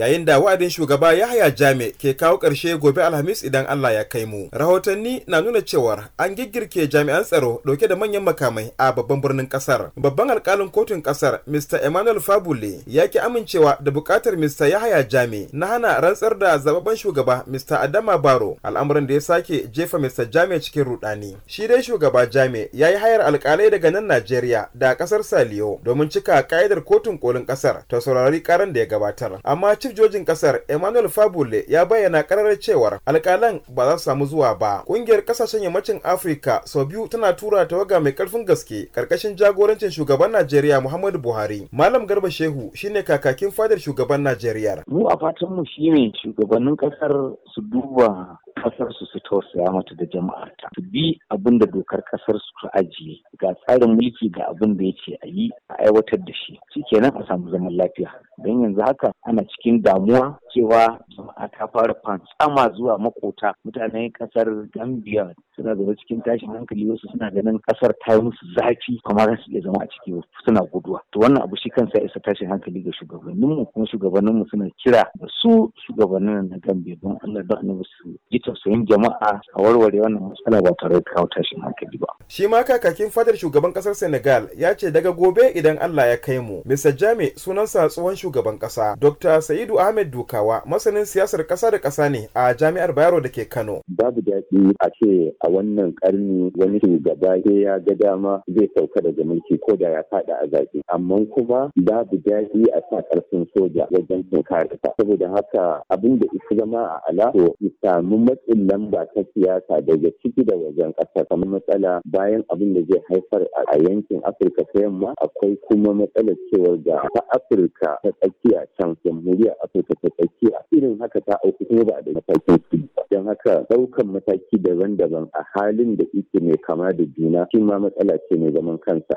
yayin da wa'adin shugaba Yahaya jami ke kawo ƙarshe gobe Alhamis idan Allah ya kai mu. Rahotanni na nuna cewar an giggirke jami'an tsaro dauke da manyan makamai a babban birnin kasar. Babban alkalin kotun kasar Mr. Emmanuel Fabule ya ki amincewa da bukatar Mr. Yahaya jami na hana rantsar da zababben shugaba Mr. Adama Baro al'amuran da ya sake jefa Mr. jami cikin rudani. Shi dai shugaba jami ya yi hayar alkalai daga nan Najeriya da kasar Saliyo domin cika ka'idar kotun kolin kasar ta saurari karan da ya gabatar. Amma chief jojin kasar emmanuel fabule ya bayyana kararar cewar alkalan ba za su samu zuwa ba kungiyar kasashen yammacin afirka sau biyu tana tura tawaga mai karfin gaske karkashin jagorancin shugaban najeriya muhammadu buhari malam garba shehu shine kakakin fadar shugaban najeriya mu a fatan mu shine shugabannin kasar su duba kasar su su tausaya mata da jama'arta su bi abin da dokar kasar su ta ajiye ga tsarin mulki ga abin da yake a yi a aiwatar da shi shikenan a samu zaman lafiya don yanzu haka ana cikin damuwa cewa jama'a ta fara fantsama zuwa makota mutanen kasar gambia suna zama cikin tashin hankali wasu suna ganin kasar ta yi musu zafi za su iya zama a ciki suna guduwa to wannan abu shi kansa isa tashin hankali ga shugabanninmu kuma shugabanninmu suna kira da su shugabannin na gambe don Allah da su ji tausayin jama'a a warware wannan matsala ba tare da kawo tashin hankali ba Shi ma kakakin fadar shugaban kasar Senegal ya ce daga gobe idan Allah ya kai mu. Mr. jami sunansa tsohon shugaban kasa. Dr. Sa'idu Ahmed Dukawa masanin siyasar kasa da kasa ne a Jami'ar Bayero da ke Kano. Babu daɗi a ce a wannan karni wani shugaba sai ya ga dama zai sauka daga mulki ko da ya faɗa a zaɓe. Amma kuma babu daɗi a sa ƙarfin soja wajen tunkarar Saboda haka abin da isa zama a ala to samu matsin lamba ta siyasa daga ciki da wajen ƙasa kamar matsala bayan abin da zai haifar a yankin afirka ta yamma akwai kuma matsalar cewar da ta afirka ta tsakiya can jamhuriyar afirka ta tsakiya irin haka ta auku kuma ba da matakin su don haka ɗaukan mataki daban-daban a halin da ike mai kama da juna shi ma matsala ce mai zaman kansa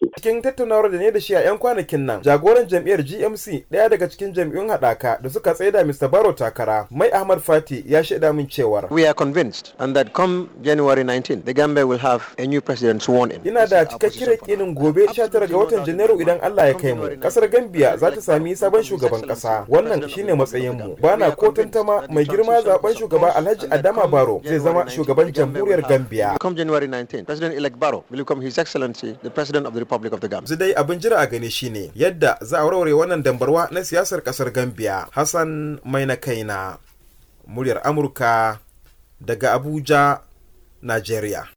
yake. Cikin tattaunawar da ne da shi a 'yan kwanakin nan, jagoran jam'iyyar GMC ɗaya daga cikin jam'iyyun haɗaka da suka tsaida Mr. Barrow takara, Mai Ahmad Fati ya shaida min cewar. We are convinced and that come January 19, the Gambia will have a new president sworn in. Ina da cikakkiyar yakinin gobe 19 ga watan Janairu idan Allah ya kai mu, kasar Gambia za ta sami sabon shugaban kasa. Wannan shine matsayin mu. Bana ko tantama mai girma zaben shugaba Alhaji Adama Barrow zai zama shugaban jamhuriyar Gambia. Come January 19, President elect Barrow will become His Excellency the President of the republic of the gambia Zidai abin jira a gani shine yadda za a warware wannan dambarwa na siyasar kasar gambia hassan mai na kaina muryar amurka daga abuja nigeria